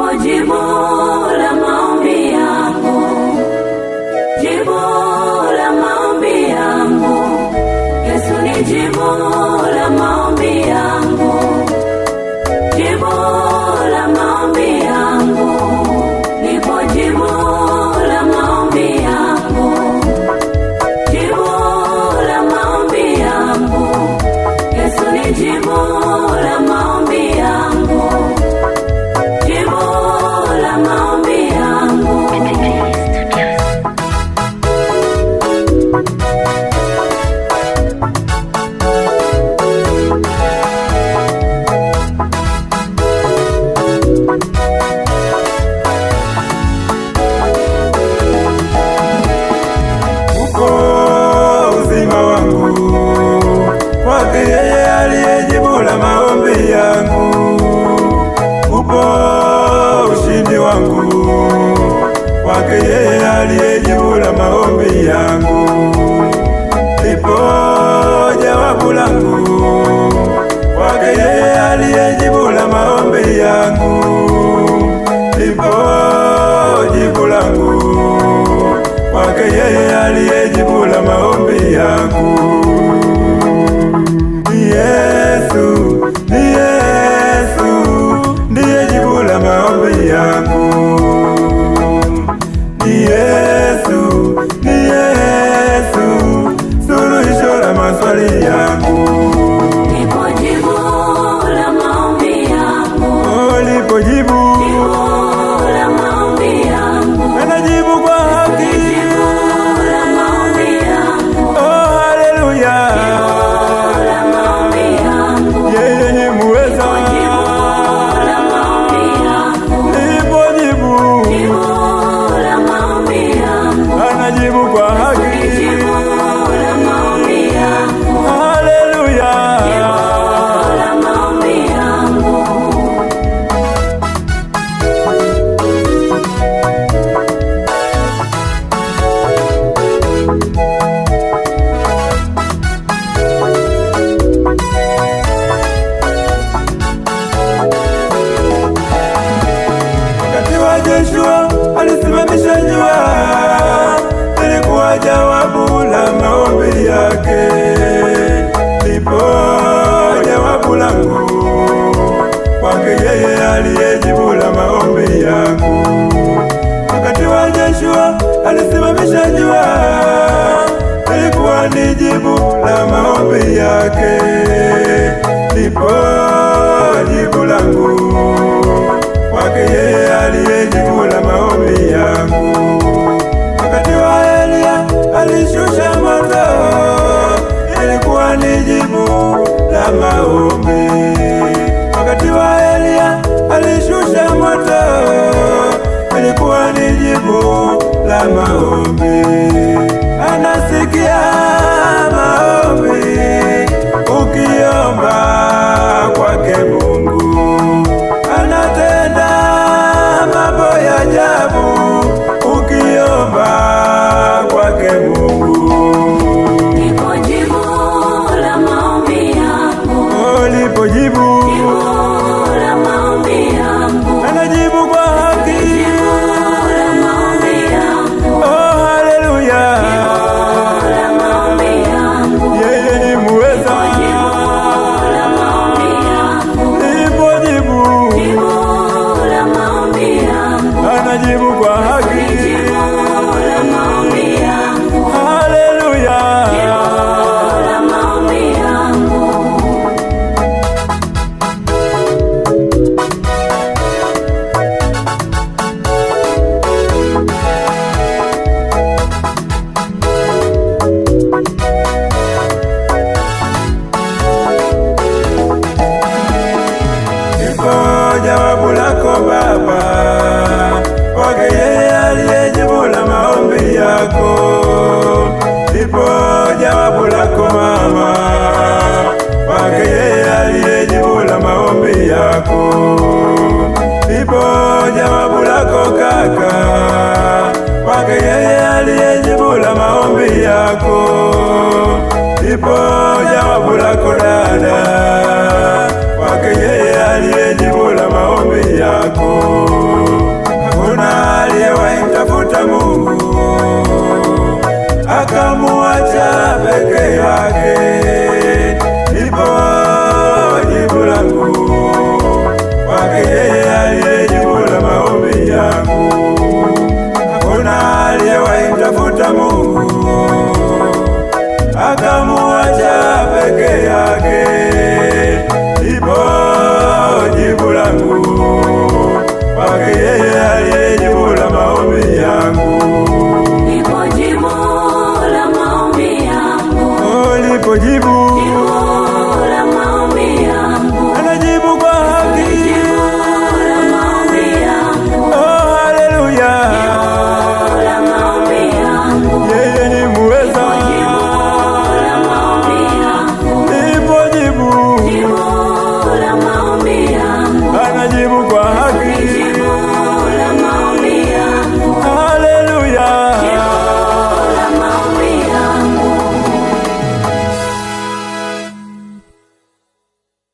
lipo jibu la maombi yangu, jibu la maombi yangu. Yesu ni jibu la maombi yangu, jibu la maombi yangu, lipo jibu la maombi yangu, jibu la maombi yangu. Yesu ni jibu Joshua alisimamisha jua, ilikuwa jawabu la maombi yake. Ndipo jawabu langu kwake yeye aliyejibu la maombi yangu. Wakati wa Joshua alisimamisha jua, ilikuwa ni jibu la maombi yake. kunishusha moto, ilikuwa ni jibu la maombi. Wakati wa elia alishusha moto, ilikuwa ni jibu la maombi. 一步。jawabu lako Baba, Ibrahimu akamuacha peke yake. kujibu.